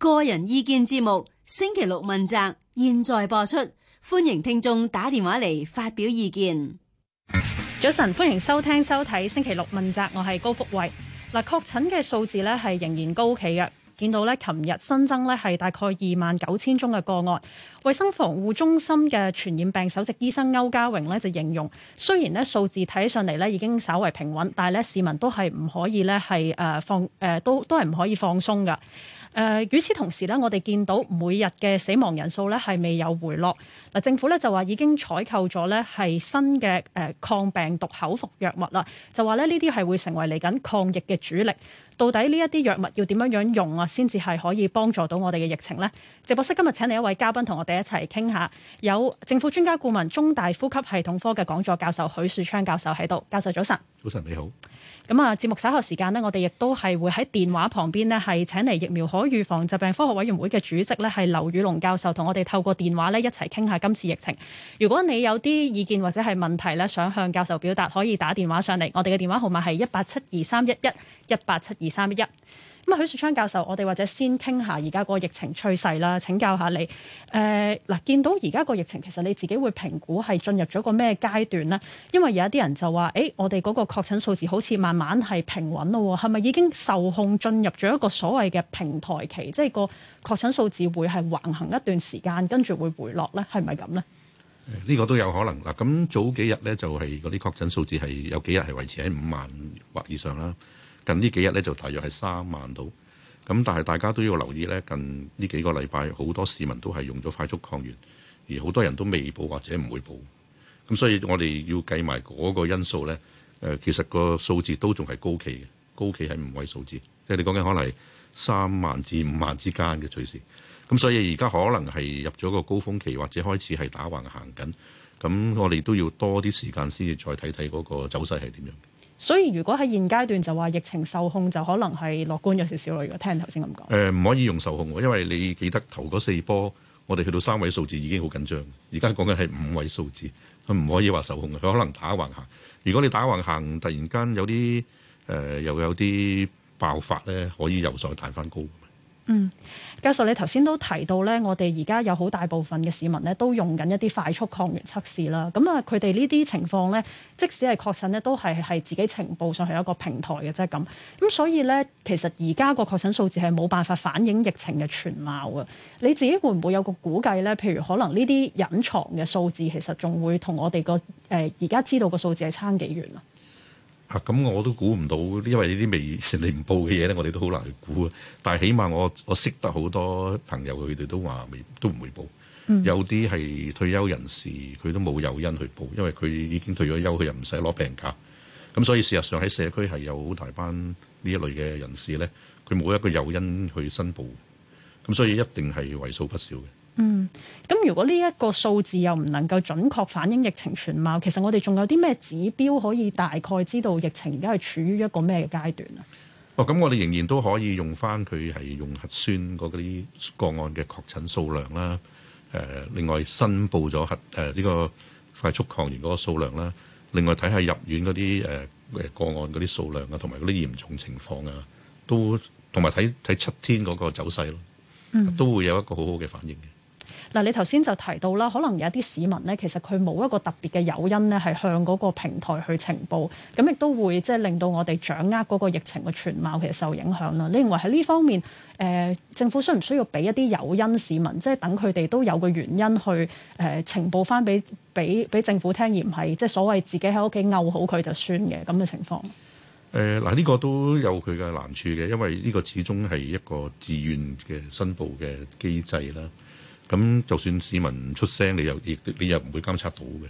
個人意見節目星期六問責，現在播出，歡迎聽眾打電話嚟發表意見。早晨，歡迎收聽收睇星期六問責，我係高福慧嗱。確診嘅數字咧係仍然高企嘅，見到咧琴日新增咧係大概二萬九千宗嘅個案。衛生防護中心嘅傳染病首席醫生歐家榮咧就形容，雖然咧數字睇上嚟咧已經稍為平穩，但係咧市民都係唔可以咧係誒放誒都都係唔可以放鬆噶。誒、呃，與此同時咧，我哋見到每日嘅死亡人數咧，係未有回落。嗱，政府咧就話已經採購咗咧係新嘅抗病毒口服藥物啦，就話咧呢啲係會成為嚟緊抗疫嘅主力。到底呢一啲藥物要點樣用啊，先至係可以幫助到我哋嘅疫情呢？直播室今日請嚟一位嘉賓同我哋一齊傾下，有政府專家顧問、中大呼吸系統科嘅講座教授許樹昌教授喺度。教授早晨，早晨你好。咁啊，節目稍後時間呢，我哋亦都係會喺電話旁邊呢，係請嚟疫苗可預防疾病科學委員會嘅主席呢，係劉宇隆教授，同我哋透過電話呢，一齊傾下今次疫情。如果你有啲意見或者係問題呢，想向教授表達，可以打電話上嚟，我哋嘅電話號碼係一八七二三一一一八七二三一一。咁啊，許樹昌教授，我哋或者先傾下而家個疫情趨勢啦。請教下你，誒、呃、嗱，見到而家個疫情其實你自己會評估係進入咗個咩階段呢？因為有一啲人就話：，誒、欸，我哋嗰個確診數字好似慢慢係平穩咯，係咪已經受控進入咗一個所謂嘅平台期？即係個確診數字會係橫行一段時間，跟住會回落咧？係咪咁呢？」呢個都有可能嗱。咁早幾日咧就係嗰啲確診數字係有幾日係維持喺五萬或以上啦。近呢幾日咧就大約係三萬度，咁但係大家都要留意咧。近呢幾個禮拜，好多市民都係用咗快速抗原，而好多人都未報或者唔會報。咁所以我哋要計埋嗰個因素咧，誒，其實個數字都仲係高企嘅，高企係五位數字，即係你講緊可能係三萬至五萬之間嘅趨勢。咁所以而家可能係入咗個高峰期，或者開始係打橫行緊。咁我哋都要多啲時間先至再睇睇嗰個走勢係點樣。所以如果喺現階段就話疫情受控就可能係樂觀咗少少咯，如果聽頭先咁講。誒、呃、唔可以用受控，因為你記得頭嗰四波，我哋去到三位數字已經好緊張，而家講緊係五位數字，佢唔可以話受控，佢可能打橫行。如果你打橫行，突然間有啲誒、呃、又有啲爆發咧，可以又再彈翻高。嗯，教授你頭先都提到咧，我哋而家有好大部分嘅市民咧都用緊一啲快速抗原測試啦。咁啊，佢哋呢啲情況咧，即使係確診咧，都係係自己呈報上係一個平台嘅，啫。咁。咁所以咧，其實而家個確診數字係冇辦法反映疫情嘅全貌嘅。你自己會唔會有個估計咧？譬如可能呢啲隱藏嘅數字，其實仲會同我哋個誒而家知道個數字係差幾遠啊？咁、啊、我都估唔到，因為呢啲未你唔報嘅嘢咧，我哋都好難去估啊。但係起碼我我識得好多朋友，佢哋都話未都唔會報。嗯、有啲係退休人士，佢都冇有，誘因去報，因為佢已經退咗休，佢又唔使攞病假。咁所以事實上喺社區係有好大班呢一類嘅人士咧，佢冇一個誘因去申報，咁所以一定係為數不少嘅。嗯，咁如果呢一個數字又唔能夠準確反映疫情全貌，其實我哋仲有啲咩指標可以大概知道疫情而家係處於一個咩階段啊？哦，咁我哋仍然都可以用翻佢係用核酸嗰啲個案嘅確診數量啦，誒、呃，另外申報咗核誒呢、呃這個快速抗原嗰個數量啦，另外睇下入院嗰啲誒誒個案嗰啲數量啊，同埋嗰啲嚴重情況啊，都同埋睇睇七天嗰個走勢咯、啊，都會有一個很好好嘅反應嘅。嗱，你頭先就提到啦，可能有一啲市民呢，其實佢冇一個特別嘅誘因呢，係向嗰個平台去呈報，咁亦都會即係令到我哋掌握嗰個疫情嘅全貌，其實受影響啦。你認為喺呢方面，誒政府需唔需要俾一啲誘因市民，即係等佢哋都有個原因去誒呈報返俾俾俾政府聽，而唔係即係所謂自己喺屋企摳好佢就算嘅咁嘅情況？誒、呃、嗱，呢、呢個都有佢嘅難處嘅，因為呢個始終係一個自願嘅申報嘅機制啦。咁就算市民唔出聲，你又亦你又唔會監察到嘅。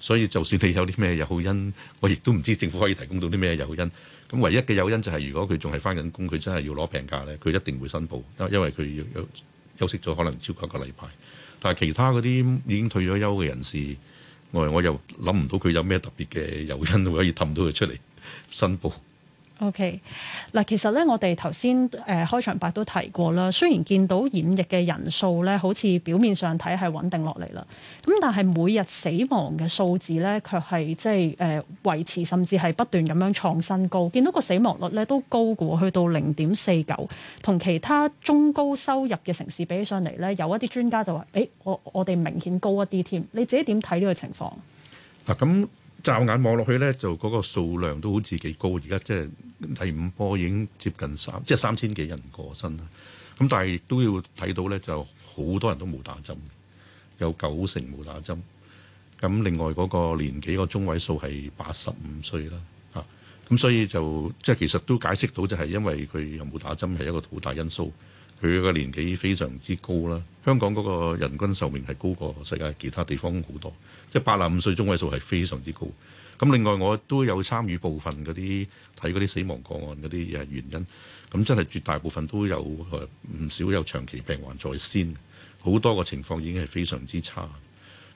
所以就算你有啲咩誘因，我亦都唔知政府可以提供到啲咩誘因。咁唯一嘅誘因就係，如果佢仲係翻緊工，佢真係要攞病假咧，佢一定會申報，因因為佢有休息咗可能超過一個禮拜。但係其他嗰啲已經退咗休嘅人士，我我又諗唔到佢有咩特別嘅誘因會可以氹到佢出嚟申報。O.K. 嗱，其實咧，我哋頭先誒開場白都提過啦。雖然見到染疫嘅人數咧，好似表面上睇係穩定落嚟啦，咁但係每日死亡嘅數字咧，卻係即係誒維持，甚至係不斷咁樣創新高。見到個死亡率咧都高過，去到零點四九，同其他中高收入嘅城市比起上嚟咧，有一啲專家就話：，誒、欸，我我哋明顯高一啲添。你自己點睇呢個情況？嗱、啊，咁。驟眼望落去咧，就嗰個數量都好似幾高。而家即係第五波已經接近三，即係三千幾人過身啦。咁但係亦都要睇到咧，就好多人都冇打針，有九成冇打針。咁另外嗰個年紀個中位數係八十五歲啦。嚇，咁所以就即係其實都解釋到，就係因為佢又冇打針，係一個好大因素。佢個年紀非常之高啦，香港嗰個人均壽命係高過世界其他地方好多，即係八十五歲中位數係非常之高。咁另外我都有參與部分嗰啲睇嗰啲死亡個案嗰啲原因，咁真係絕大部分都有誒唔少有長期病患在先，好多個情況已經係非常之差。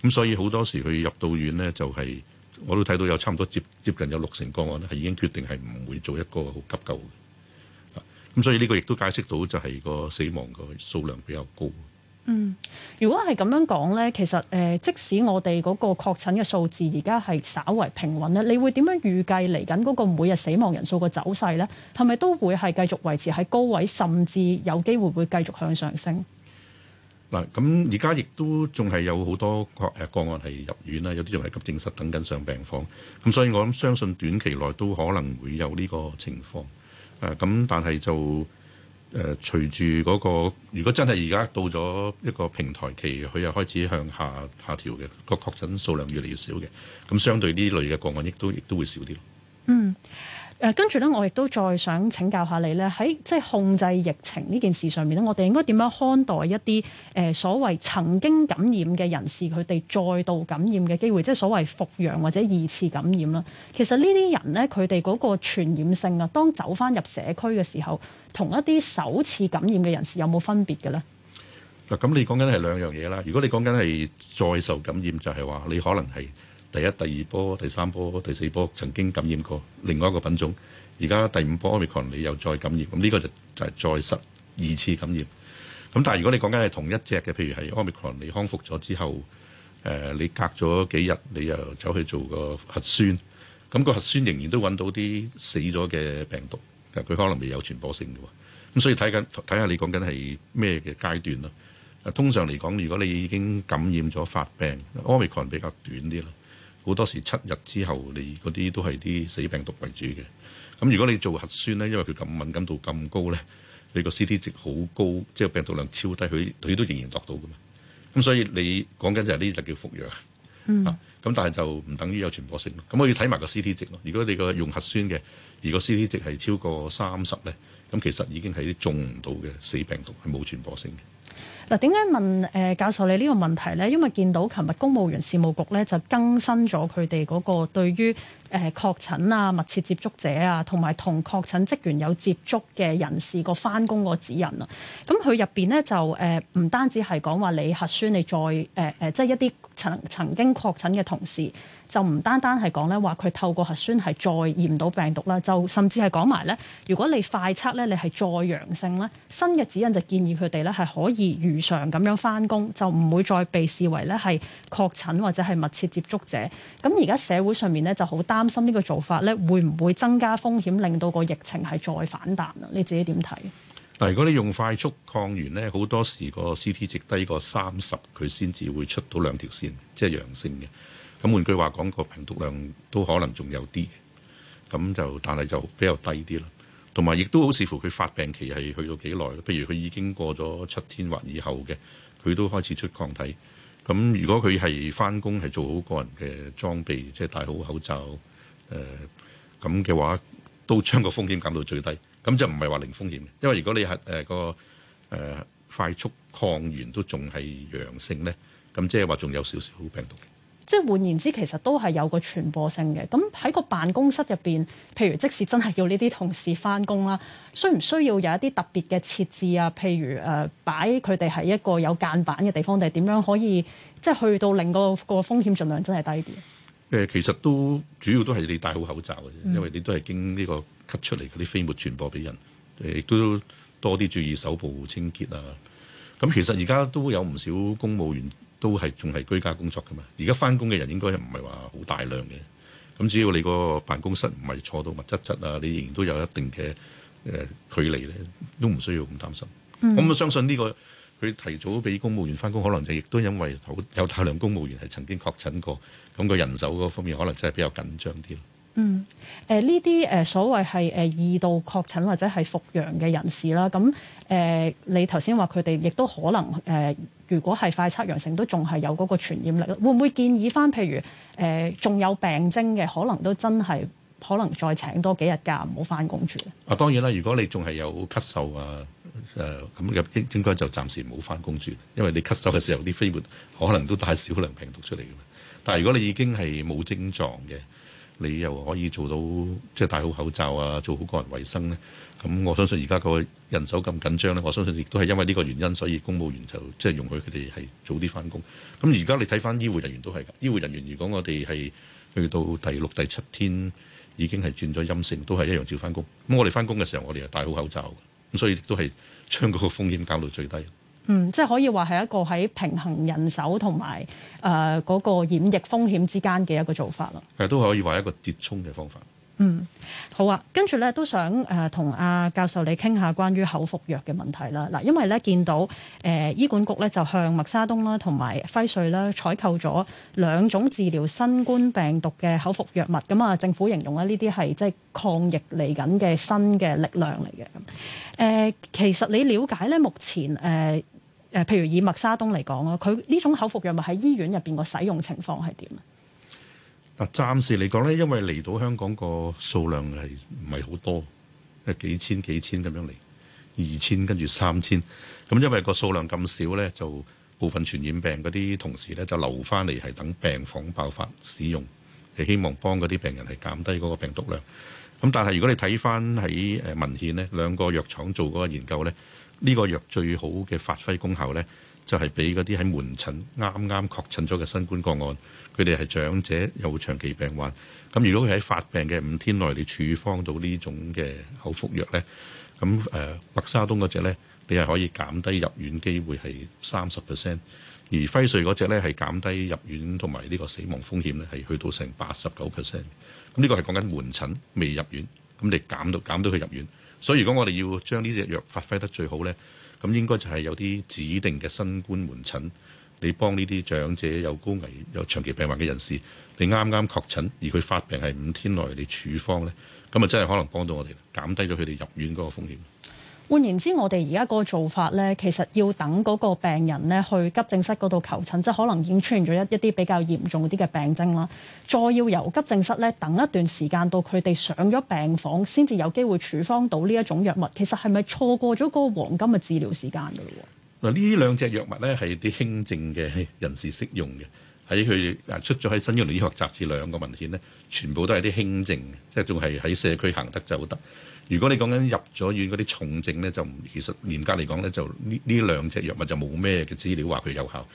咁所以好多時佢入到院呢，就係我都睇到有差唔多接接近有六成個案係已經決定係唔會做一個好急救嘅。咁所以呢個亦都解釋到就係個死亡嘅數量比較高。嗯，如果係咁樣講咧，其實誒，即使我哋嗰個確診嘅數字而家係稍為平穩咧，你會點樣預計嚟緊嗰個每日死亡人數個走勢咧？係咪都會係繼續維持喺高位，甚至有機會會繼續向上升？嗱，咁而家亦都仲係有好多個誒、呃、個案係入院啦，有啲仲係急症室等緊上病房。咁所以我諗相信短期內都可能會有呢個情況。誒咁，但係就誒隨住嗰個，如果真係而家到咗一個平台期，佢又開始向下下調嘅，個確診數量越嚟越少嘅，咁相對呢類嘅個案亦都亦都會少啲。嗯。誒，跟住咧，我亦都再想請教下你咧，喺即係控制疫情呢件事上面咧，我哋應該點樣看待一啲誒所謂曾經感染嘅人士，佢哋再度感染嘅機會，即係所謂復陽或者二次感染啦。其實呢啲人咧，佢哋嗰個傳染性啊，當走翻入社區嘅時候，同一啲首次感染嘅人士有冇分別嘅咧？嗱，咁你講緊係兩樣嘢啦。如果你講緊係再受感染，就係話你可能係。第一、第二波、第三波、第四波曾經感染過另外一個品種，而家第五波 Omicron 你又再感染咁，呢個就就係再失二次感染。咁但係如果你講緊係同一隻嘅，譬如係 Omicron 你康復咗之後，呃、你隔咗幾日你又走去做個核酸，咁個核酸仍然都揾到啲死咗嘅病毒，佢可能未有傳播性嘅喎。咁所以睇緊睇下你講緊係咩嘅階段啦。通常嚟講，如果你已經感染咗發病 Omicron 比較短啲啦。好多時七日之後，你嗰啲都係啲死病毒為主嘅。咁如果你做核酸呢，因為佢咁敏感度咁高呢，你個 C T 值好高，即係病毒量超低，佢佢都仍然落到嘅嘛。咁所以你講緊就係呢啲就叫復陽。嗯。啊，咁但係就唔等於有傳播性咯。咁我要睇埋個 C T 值咯。如果你個用核酸嘅，而個 C T 值係超過三十呢，咁其實已經係啲中唔到嘅死病毒，係冇傳播性嘅。嗱，點解問誒教授你呢個問題咧？因為見到琴日公務員事務局咧就更新咗佢哋嗰個對於誒確診啊、密切接觸者啊，同埋同確診職員有接觸嘅人士個返工個指引啦。咁佢入邊咧就誒唔單止係講話你核酸，你再誒誒，即係一啲曾曾經確診嘅同事。就唔單單係講咧，話佢透過核酸係再驗到病毒啦，就甚至係講埋咧，如果你快測咧，你係再陽性咧，新嘅指引就建議佢哋咧係可以如常咁樣翻工，就唔會再被視為咧係確診或者係密切接觸者。咁而家社會上面咧就好擔心呢個做法咧會唔會增加風險，令到個疫情係再反彈啊？你自己點睇？嗱，如果你用快速抗原咧，好多時個 CT 值低過三十，佢先至會出到兩條線，即係陽性嘅。咁換句話講，個病毒量都可能仲有啲，咁就但係就比較低啲啦。同埋亦都好視乎佢發病期係去到幾耐，譬如佢已經過咗七天或以後嘅，佢都開始出抗體。咁如果佢係翻工係做好個人嘅裝備，即係戴好口罩，誒咁嘅話，都將個風險減到最低。咁就唔係話零風險，因為如果你係誒、呃個誒、呃、快速抗原都仲係陽性咧，咁即係話仲有少少病毒。即係換言之，其實都係有個傳播性嘅。咁喺個辦公室入邊，譬如即使真係要呢啲同事返工啦，需唔需要有一啲特別嘅設置啊？譬如誒、啊，擺佢哋喺一個有間板嘅地方，定係點樣可以即係去到令個一個風險盡量真係低啲？誒，其實都主要都係你戴好口罩嘅啫，因為你都係經呢個吸出嚟嗰啲飛沫傳播俾人。亦都多啲注意手部清潔啊。咁其實而家都有唔少公務員。都係仲係居家工作噶嘛？而家翻工嘅人應該唔係話好大量嘅。咁只要你個辦公室唔係坐到密質質啊，你仍然都有一定嘅誒、呃、距離咧，都唔需要咁擔心。咁、嗯、我相信呢、這個佢提早俾公務員翻工，可能就亦都因為有大量公務員係曾經確診過，咁、那個人手嗰方面可能真係比較緊張啲。嗯，誒呢啲誒所謂係誒二度確診或者係復陽嘅人士啦，咁誒、呃、你頭先話佢哋亦都可能誒。呃如果係快測陽性都仲係有嗰個傳染力咯，會唔會建議翻譬如誒仲、呃、有病徵嘅，可能都真係可能再請多幾日假，唔好翻工住。啊，當然啦，如果你仲係有咳嗽啊誒咁，應、啊、應該就暫時唔好翻工住，因為你咳嗽嘅時候啲飛沫可能都帶少量病毒出嚟嘅。但係如果你已經係冇症狀嘅，你又可以做到即係、就是、戴好口罩啊，做好個人衞生咧。咁我相信而家個人手咁緊張咧，我相信亦都係因為呢個原因，所以公務員就即係容許佢哋係早啲翻工。咁而家你睇翻醫護人員都係㗎，醫護人員如果我哋係去到第六、第七天已經係轉咗陰性，都係一樣照翻工。咁、嗯、我哋翻工嘅時候，我哋又戴好口罩的，咁所以都係將嗰個風險減到最低。嗯，即係可以話係一個喺平衡人手同埋誒嗰個染疫風險之間嘅一個做法咯。誒、嗯呃那個，都係可以話一個跌衝嘅方法。嗯，好啊，跟住咧都想誒同阿教授你傾下關於口服藥嘅問題啦。嗱，因為咧見到誒、呃、醫管局咧就向默沙東啦同埋輝瑞啦採購咗兩種治療新冠病毒嘅口服藥物，咁啊政府形容咧呢啲係即係抗疫嚟緊嘅新嘅力量嚟嘅。咁、呃、誒，其實你了解咧目前誒誒、呃，譬如以默沙東嚟講啊，佢呢種口服藥物喺醫院入邊個使用情況係點？嗱，暫時嚟講咧，因為嚟到香港個數量係唔係好多，即係幾千、幾千咁樣嚟，二千跟住三千，咁因為個數量咁少咧，就部分傳染病嗰啲同事咧就留翻嚟係等病房爆發使用，係希望幫嗰啲病人係減低嗰個病毒量。咁但係如果你睇翻喺誒文獻呢兩個藥廠做嗰個研究咧，呢個藥最好嘅發揮功效咧，就係俾嗰啲喺門診啱啱確診咗嘅新冠個案。佢哋係長者，有長期病患。咁如果佢喺發病嘅五天內，你處方到呢種嘅口服藥呢？咁誒默沙東嗰隻呢，你係可以減低入院機會係三十 percent，而輝瑞嗰隻呢，係減低入院同埋呢個死亡風險咧係去到成八十九 percent。咁呢個係講緊門診未入院，咁你減到減到佢入院。所以如果我哋要將呢隻藥發揮得最好呢，咁應該就係有啲指定嘅新冠門診。你幫呢啲長者有高危、有長期病患嘅人士，你啱啱確診，而佢發病係五天內，你處方咧，咁啊真係可能幫到我哋減低咗佢哋入院嗰個風險。換言之，我哋而家個做法咧，其實要等嗰個病人咧去急症室嗰度求診，即係可能已經出現咗一一啲比較嚴重啲嘅病徵啦。再要由急症室咧等一段時間，到佢哋上咗病房，先至有機會處方到呢一種藥物。其實係咪錯過咗個黃金嘅治療時間㗎咯？嗱呢兩隻藥物咧係啲輕症嘅人士適用嘅，喺佢啊出咗喺《新英倫醫學雜誌》兩個文件咧，全部都係啲輕症即係仲係喺社區行得就得。如果你講緊入咗院嗰啲重症咧，就唔其實嚴格嚟講咧，就呢呢兩隻藥物就冇咩嘅資料話佢有效。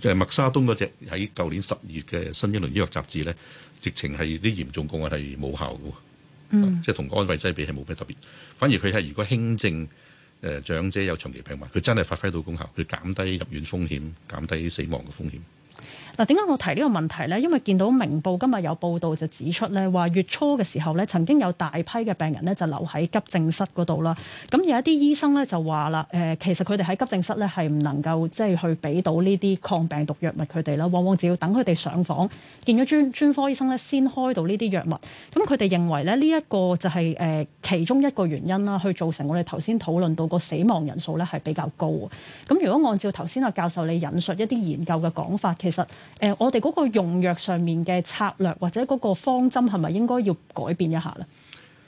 就係麥沙東嗰隻喺舊年十二月嘅《新英倫醫學雜誌》咧，直情係啲嚴重個案係冇效嘅，嗯，即係同安慰劑比係冇咩特別。反而佢係如果輕症。誒長者有長期病患，佢真係發揮到功效，佢減低入院風險，減低死亡嘅風險。嗱點解我提呢個問題呢？因為見到明報今日有報道就指出咧，話月初嘅時候咧，曾經有大批嘅病人咧就留喺急症室嗰度啦。咁有一啲醫生咧就話啦，誒、呃、其實佢哋喺急症室咧係唔能夠即係去俾到呢啲抗病毒藥物佢哋啦，往往只要等佢哋上房，見咗專專科醫生咧先開到呢啲藥物。咁佢哋認為咧呢一、這個就係、是、誒、呃、其中一個原因啦，去造成我哋頭先討論到個死亡人數咧係比較高。咁如果按照頭先阿教授你引述一啲研究嘅講法，其實誒、嗯，我哋嗰個用藥上面嘅策略或者嗰個方針係咪應該要改變一下咧？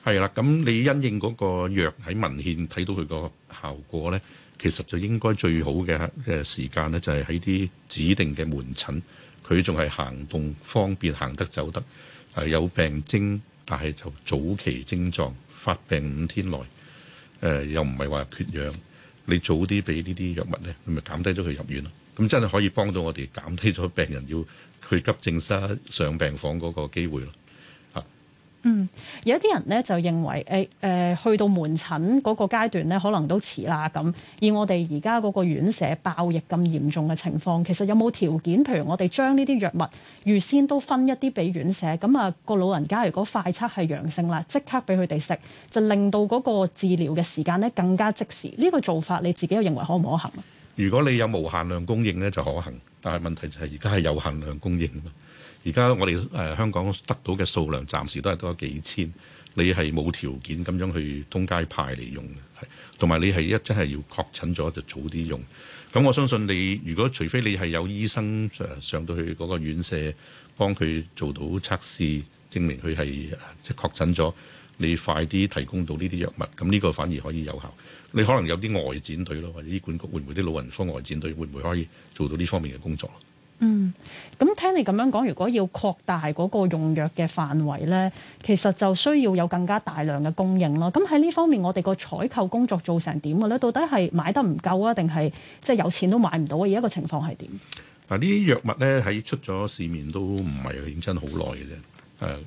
係啦，咁你因應嗰個藥喺文獻睇到佢個效果咧，其實就應該最好嘅嘅時間咧，就係喺啲指定嘅門診，佢仲係行動方便，行得走得係有病徵，但係就早期症狀發病五天內，誒、呃、又唔係話缺氧，你早啲俾呢啲藥物咧，你咪減低咗佢入院咯。咁真係可以幫到我哋減低咗病人要去急症室上病房嗰個機會咯嚇。嗯，有一啲人呢，就認為誒誒、欸呃、去到門診嗰個階段呢，可能都遲啦咁。以我哋而家嗰個院舍爆疫咁嚴重嘅情況，其實有冇條件？譬如我哋將呢啲藥物預先都分一啲俾院舍，咁、那、啊個老人家如果快測係陽性啦，即刻俾佢哋食，就令到嗰個治療嘅時間呢更加即時。呢、這個做法你自己又認為可唔可行？如果你有無限量供應呢，就可行，但係問題就係而家係有限量供應。而家我哋、呃、香港得到嘅數量暫時都係多幾千，你係冇條件咁樣去通街派嚟用嘅，同埋你係一真係要確診咗就早啲用。咁我相信你，如果除非你係有醫生、呃、上到去嗰個院舍幫佢做到測試，證明佢係即確診咗，你快啲提供到呢啲藥物，咁呢個反而可以有效。你可能有啲外展隊咯，或者醫管局會唔會啲老人科外展隊會唔會可以做到呢方面嘅工作？嗯，咁聽你咁樣講，如果要擴大嗰個用藥嘅範圍咧，其實就需要有更加大量嘅供應咯。咁喺呢方面，我哋個採購工作做成點嘅咧？到底係買得唔夠啊，定係即係有錢都買唔到啊？而家個情況係點？嗱，呢啲藥物咧喺出咗市面都唔係認真好耐嘅啫。誒、啊、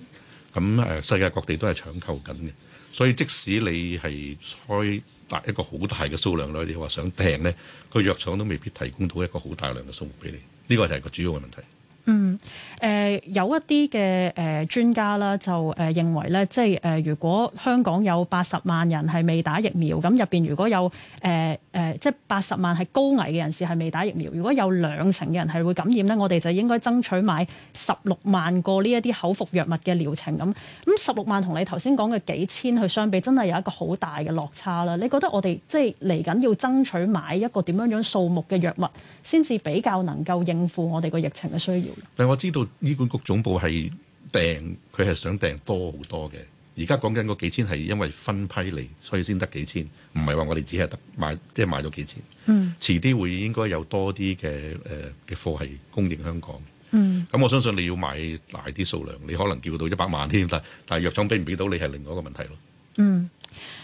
咁、啊、誒，世界各地都係搶購緊嘅，所以即使你係開。達一個好大嘅數量咯，你話想訂咧，個藥廠都未必提供到一個好大量嘅數目俾你，呢個就係個主要嘅問題。嗯，誒、呃、有一啲嘅誒專家啦，就誒、呃、認為咧，即係誒、呃、如果香港有八十萬人係未打疫苗，咁入邊如果有誒誒、呃、即係八十萬係高危嘅人士係未打疫苗，如果有兩成嘅人係會感染咧，我哋就應該爭取買十六萬個呢一啲口服藥物嘅療程咁。咁十六萬同你頭先講嘅幾千去相比，真係有一個好大嘅落差啦。你覺得我哋即係嚟緊要爭取買一個點樣樣數目嘅藥物，先至比較能夠應付我哋個疫情嘅需要？但我知道醫管局總部係訂，佢係想訂多好多嘅。而家講緊嗰幾千係因為分批嚟，所以先得幾千，唔係話我哋只係得買，即係買咗幾千。嗯，遲啲會應該有多啲嘅誒嘅貨係供應香港。嗯，咁、嗯、我相信你要買大啲數量，你可能叫到一百萬添。但但藥廠俾唔俾到你係另外一個問題咯。嗯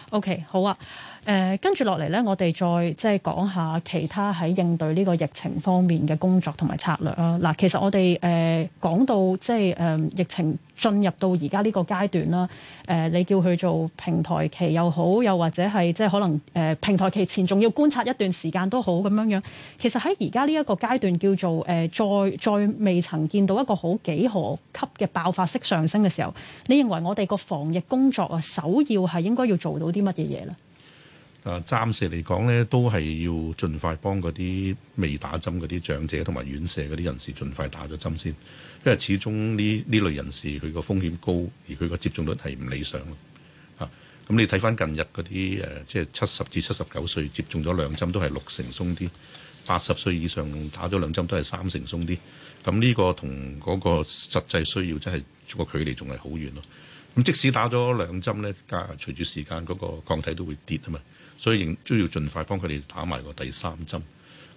，OK，好啊。誒、呃，跟住落嚟咧，我哋再即係講下其他喺應對呢個疫情方面嘅工作同埋策略啊。嗱，其實我哋誒講到即係誒、呃、疫情進入到而家呢個階段啦。誒、呃，你叫佢做平台期又好，又或者係即係可能誒、呃、平台期前仲要觀察一段時間都好咁樣樣。其實喺而家呢一個階段叫做誒、呃、再再未曾見到一個好幾何級嘅爆發式上升嘅時候，你認為我哋個防疫工作啊，首要係應該要做到啲乜嘢嘢咧？誒暫時嚟講呢都係要盡快幫嗰啲未打針嗰啲長者同埋院舍嗰啲人士盡快打咗針先，因為始終呢呢類人士佢個風險高，而佢個接種率係唔理想咁、啊、你睇翻近日嗰啲誒，即係七十至七十九歲接種咗兩針都係六成鬆啲，八十歲以上打咗兩針都係三成鬆啲。咁呢個同嗰個實際需要真係個距離仲係好遠咯。咁即使打咗兩針呢，加隨住時間嗰個抗體都會跌啊嘛。所以亦都要盡快幫佢哋打埋個第三針。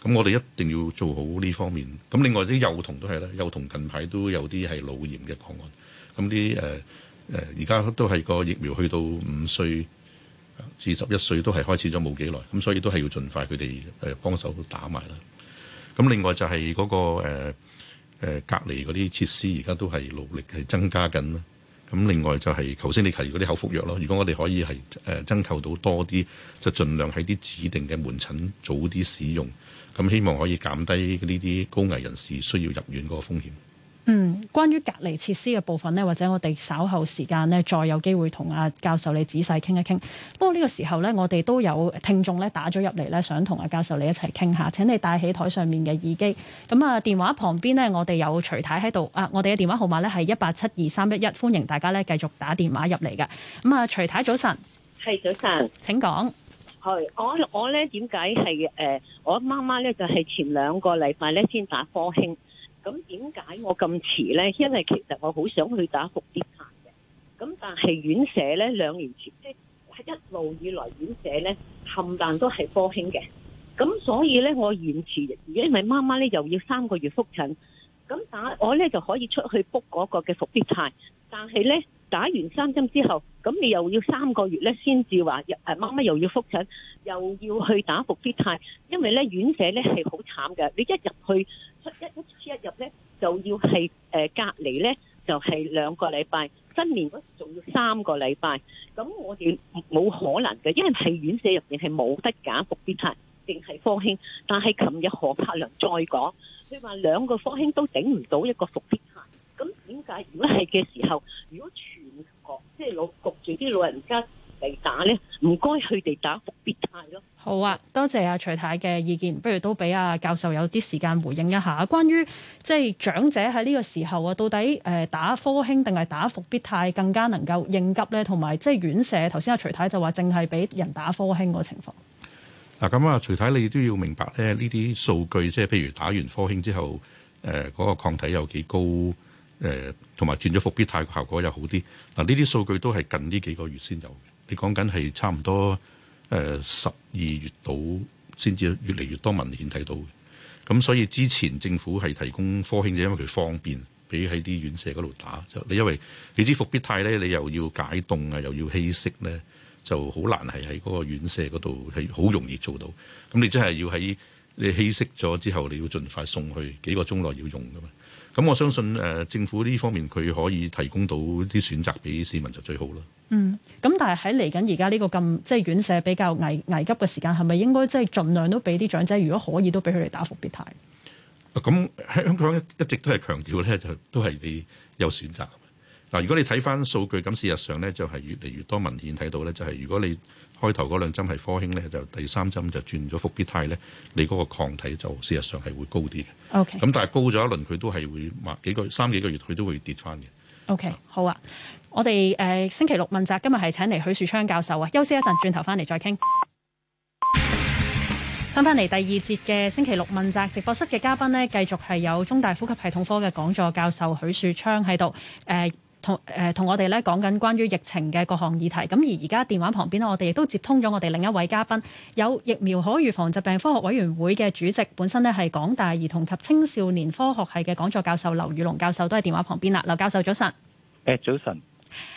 咁我哋一定要做好呢方面。咁另外啲幼童都係咧，幼童近排都有啲係腦炎嘅個案。咁啲誒誒，而、呃、家、呃、都係個疫苗去到五歲至十一歲都係開始咗冇幾耐。咁所以都係要盡快佢哋誒幫手打埋啦。咁另外就係嗰、那個誒、呃、隔離嗰啲設施，而家都係努力係增加緊啦。咁另外就係頭先你提嗰啲口服藥咯，如果我哋可以係誒增購到多啲，就盡量喺啲指定嘅門診早啲使用，咁希望可以減低呢啲高危人士需要入院嗰個風險。嗯，關於隔離設施嘅部分呢，或者我哋稍後時間呢，再有機會同阿教授你仔細傾一傾。不過呢個時候呢，我哋都有聽眾呢打咗入嚟呢，想同阿教授你一齊傾下。請你帶起台上面嘅耳機。咁啊，電話旁邊呢，我哋有徐太喺度。啊，我哋嘅電話號碼呢係一八七二三一一，歡迎大家呢繼續打電話入嚟嘅。咁啊，徐太早晨，係早晨。請講。係，我我呢點解係誒？我媽媽呢，就係前兩個禮拜呢，先打科興。咁點解我咁遲呢？因為其實我好想去打復必泰嘅，咁但係院舍呢，兩年前即係、就是、一路以來院舍呢，冚唪唥都係科興嘅，咁所以呢，我延遲，因為媽媽呢又要三個月覆診，咁打我呢就可以出去 book 嗰個嘅復必泰，但係呢。打完三針之後，咁你又要三個月咧，先至話誒，乜乜又要復診，又要去打復必泰，因為咧院舍咧係好慘嘅，你一入去出一一次一入咧，就要係誒隔離咧，就係兩個禮拜，新年嗰時仲要三個禮拜，咁我哋冇可能嘅。因為係院舍入邊係冇得揀復必泰定係科興，但係琴日何柏良再講，佢話兩個科興都頂唔到一個復必泰，咁點解？如果係嘅時候，如果全即係老焗住啲老人家嚟打咧，唔該佢哋打復必泰咯。好啊，多謝阿徐太嘅意見，不如都俾阿教授有啲時間回應一下，關於即係、就是、長者喺呢個時候啊，到底誒打科興定係打復必泰更加能夠應急咧，同埋即係院舍。頭先阿徐太就話，淨係俾人打科興嗰情況。嗱，咁啊，徐太你都要明白咧，呢啲數據即係譬如打完科興之後，誒、呃、嗰、那個抗體有幾高。誒同埋轉咗伏必泰嘅效果又好啲，嗱，呢啲數據都係近呢幾個月先有嘅。你講緊係差唔多誒十二月度先至越嚟越多文獻睇到嘅。咁所以之前政府係提供科興嘅，因為佢方便，俾喺啲院舍嗰度打。以你因為你知伏必泰咧，你又要解凍啊，又要稀釋咧，就好難係喺嗰個院舍嗰度係好容易做到。咁你真係要喺你稀釋咗之後，你要盡快送去幾個鐘內要用噶嘛。咁我相信誒、呃、政府呢方面佢可以提供到啲選擇俾市民就最好啦。嗯，咁但係喺嚟緊而家呢個咁即係院舍比較危危急嘅時間，係咪應該即係盡量都俾啲長者，如果可以都俾佢哋打伏必泰？啊、嗯，咁香港一直都係強調咧，就都係你有選擇。嗱，如果你睇翻數據，咁事實上咧就係、是、越嚟越多文獻睇到咧，就係、是、如果你。開頭嗰兩針係科興咧，就第三針就轉咗復必泰咧，你嗰個抗體就事實上係會高啲。O K. 咁但係高咗一輪，佢都係會，萬幾個三幾個月，佢都會跌翻嘅。OK. 好啊，我哋誒、呃、星期六問責，今日係請嚟，許樹昌教授啊，休息一陣，轉頭翻嚟再傾。翻翻嚟第二節嘅星期六問責直播室嘅嘉賓呢，繼續係有中大呼吸系統科嘅講座教授許樹昌喺度誒。呃同、呃、同我哋咧講緊關於疫情嘅各項議題，咁而而家電話旁邊呢，我哋亦都接通咗我哋另一位嘉賓，有疫苗可預防疾病科學委員會嘅主席，本身呢係港大兒童及青少年科學系嘅講座教授劉宇隆教授，都喺電話旁邊啦，劉教授早晨。誒早晨。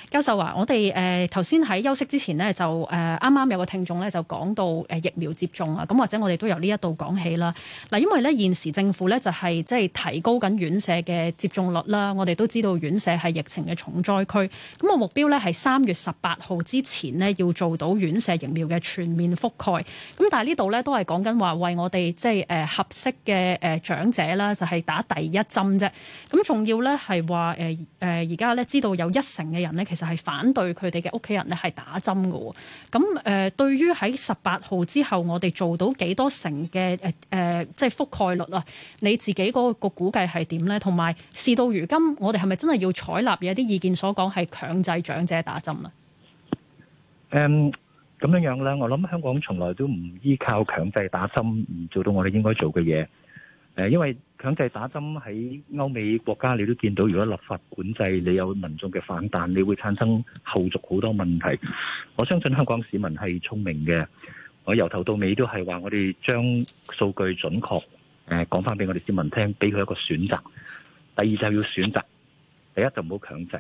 教授話、啊：我哋誒頭先喺休息之前呢，就誒啱啱有個聽眾咧就講到誒、呃、疫苗接種啊，咁或者我哋都由呢一度講起啦。嗱，因為咧現時政府咧就係、是、即係提高緊院舍嘅接種率啦，我哋都知道院舍係疫情嘅重災區，咁我目標咧係三月十八號之前呢，要做到院舍疫苗嘅全面覆蓋。咁但係呢度咧都係講緊話為我哋即係誒、呃、合適嘅誒、呃、長者啦，就係、是、打第一針啫。咁仲要咧係話誒誒而家咧知道有一成嘅人咧就係反對佢哋嘅屋企人咧係打針嘅。咁誒，對於喺十八號之後我哋做到幾多成嘅誒誒，即係覆蓋率啊，你自己嗰個估計係點咧？同埋，事到如今，我哋係咪真係要採納有啲意見所講係強制長者打針啊？嗯，咁樣樣咧，我諗香港從來都唔依靠強制打針而做到我哋應該做嘅嘢。誒，因為強制打針喺歐美國家，你都見到，如果立法管制，你有民眾嘅反彈，你會產生後續好多問題。我相信香港市民係聰明嘅，我由頭到尾都係話，我哋將數據準確，誒講翻俾我哋市民聽，俾佢一個選擇。第二就要選擇，第一就唔好強制。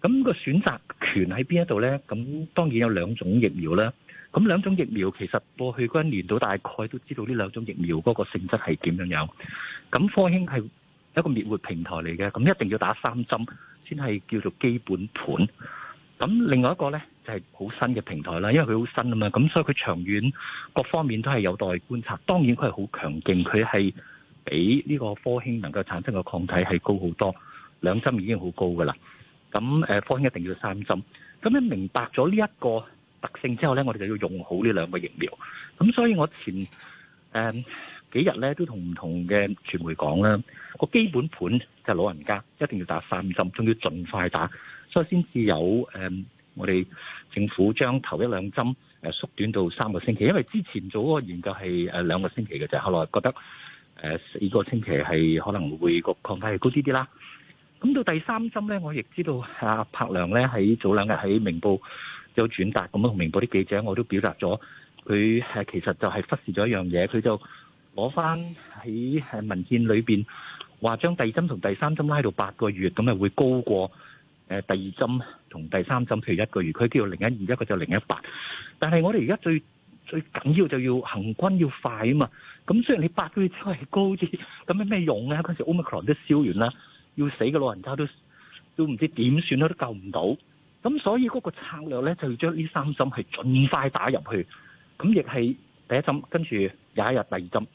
咁個選擇權喺邊一度呢？咁當然有兩種疫苗啦。咁兩種疫苗其實過去嗰一年度大概都知道呢兩種疫苗嗰個性質係點樣有。咁科興係一個滅活平台嚟嘅，咁一定要打三針先係叫做基本盤。咁另外一個呢就係好新嘅平台啦，因為佢好新啊嘛，咁所以佢長遠各方面都係有待觀察。當然佢係好強勁，佢係比呢個科興能夠產生嘅抗體係高好多，兩針已經好高㗎喇。咁誒科興一定要三針。咁你明白咗呢一個。特性之後咧，我哋就要用好呢兩個疫苗。咁所以我前誒、嗯、幾日咧，都同唔同嘅傳媒講啦。個基本盤就係老人家一定要打三針，仲要盡快打，所以先至有誒、嗯、我哋政府將頭一兩針誒縮短到三個星期。因為之前做嗰個研究係誒兩個星期嘅，就後來覺得誒、呃、四個星期係可能會個抗體係高啲啲啦。咁到第三針咧，我亦知道阿、啊、柏良咧喺早兩日喺明報。有轉達咁樣同明報啲記者，我都表達咗佢其實就係忽視咗一樣嘢，佢就攞翻喺文件裏面話將第二針同第三針拉到八個月，咁啊會高過第二針同第三針譬如一個月，佢叫零一二，一個就零一八。但係我哋而家最最緊要就要行軍要快啊嘛！咁雖然你八個月先係高啲，咁有咩用啊？嗰時 Omicron 都燒完啦，要死嘅老人家都都唔知點算啦，都救唔到。咁所以嗰個策略咧，就要將呢三針係盡快打入去。咁亦係第一針跟住有一日第二針，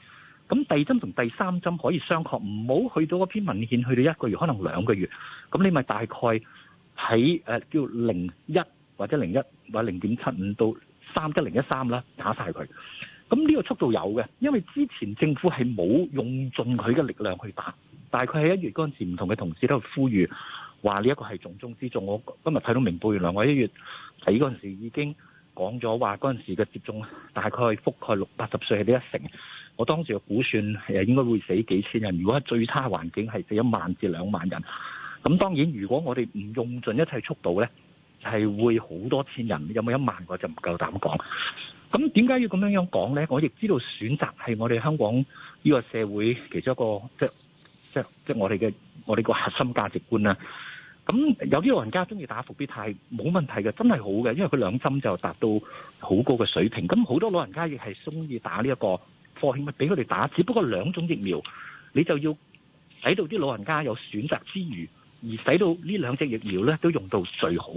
咁第二針同第三針可以相隔，唔好去到嗰篇文獻去到一個月，可能兩個月。咁你咪大概喺誒、呃、叫零一或者零一或者零點七五到三一零一三啦，打晒佢。咁呢個速度有嘅，因為之前政府係冇用盡佢嘅力量去打。大概喺一月嗰陣時，唔同嘅同事都呼籲。話呢一個係重中之重。我今日睇到《明報》月兩萬一月喺嗰陣時已經講咗，話嗰陣時嘅接種大概覆蓋六八十歲係呢一成。我當時嘅估算，應該會死幾千人。如果係最差環境，係死一萬至兩萬人。咁當然，如果我哋唔用盡一切速度呢，係會好多千人。有冇一萬個就唔夠膽講。咁點解要咁樣樣講呢？我亦知道選擇係我哋香港呢個社會其中一個，即係即係我哋嘅我哋個核心價值觀咁有啲老人家中意打復必泰冇問題嘅，真係好嘅，因為佢兩針就達到好高嘅水平。咁好多老人家亦係中意打呢一個科興，物俾佢哋打，只不過兩種疫苗你就要使到啲老人家有選擇之餘，而使到呢兩隻疫苗咧都用到最好。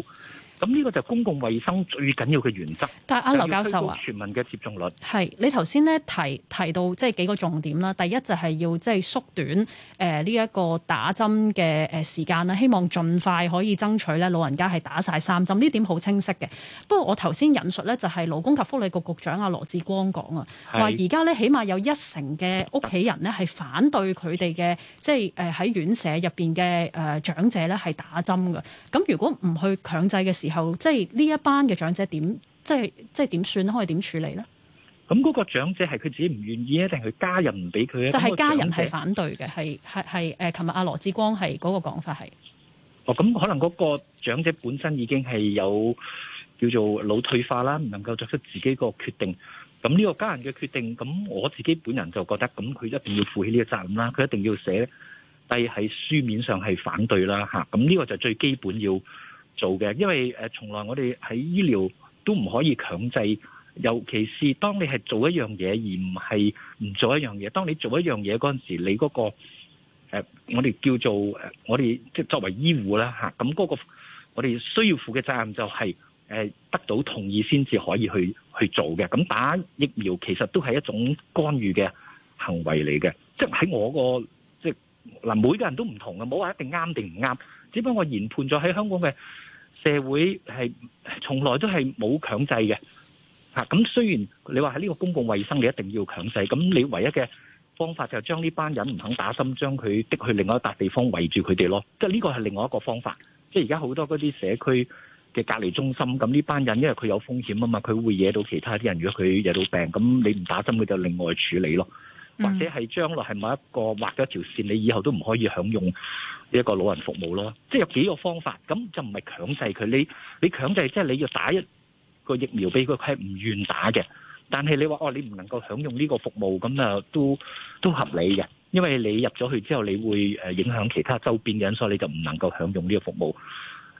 咁呢個就係公共衛生最緊要嘅原則。但係阿劉教授啊，就係、全民嘅接種率係你頭先咧提提到即係幾個重點啦。第一就係要即係縮短呢一、呃呢個打針嘅誒時間啦。希望盡快可以爭取咧老人家係打晒三針，呢點好清晰嘅。不過我頭先引述咧就係勞工及福利局局長阿羅志光講啊，話而家咧起碼有一成嘅屋企人咧係反對佢哋嘅即係喺院舍入面嘅誒長者咧係打針嘅。咁如果唔去強制嘅時，後，即係呢一班嘅長者點，即係即係點算可以點處理咧？咁嗰個長者係佢自己唔願意咧，定佢家人唔俾佢咧？就係、是、家人係反對嘅，係係係誒，琴日阿羅致光係嗰、那個講法係。哦，咁可能嗰個長者本身已經係有叫做腦退化啦，唔能夠作出自己個決定。咁呢個家人嘅決定，咁我自己本人就覺得，咁佢一定要負起呢個責任啦，佢一定要寫，但係喺書面上係反對啦，吓。咁呢個就是最基本要。做嘅，因為誒，從來我哋喺醫療都唔可以強制，尤其是當你係做一樣嘢而唔係唔做一樣嘢。當你做一樣嘢嗰陣時，你嗰個誒，呃，我哋叫做誒，我哋即係作為醫護啦吓，咁嗰個我哋需要負嘅責任就係誒得到同意先至可以去去做嘅。咁打疫苗其實都係一種干預嘅行為嚟嘅，即係喺我個即係嗱，每個人都唔同嘅，冇話一定啱定唔啱，只不過我研判咗喺香港嘅。社會係從來都係冇強制嘅，吓，咁雖然你話喺呢個公共衞生你一定要強制，咁你唯一嘅方法就將呢班人唔肯打針，將佢的去另外一笪地方圍住佢哋咯，即係呢個係另外一個方法。即係而家好多嗰啲社區嘅隔離中心，咁呢班人因為佢有風險啊嘛，佢會惹到其他啲人。如果佢惹到病，咁你唔打針佢就另外去處理咯。或者係將來係某一個劃咗條線，你以後都唔可以享用呢一個老人服務咯。即係有幾個方法，咁就唔係強制佢你你強制，即係你要打一個疫苗俾佢，佢係唔願打嘅。但係你話哦，你唔能夠享用呢個服務，咁啊都都合理嘅，因為你入咗去之後，你會誒影響其他周邊嘅人，所以你就唔能夠享用呢個服務。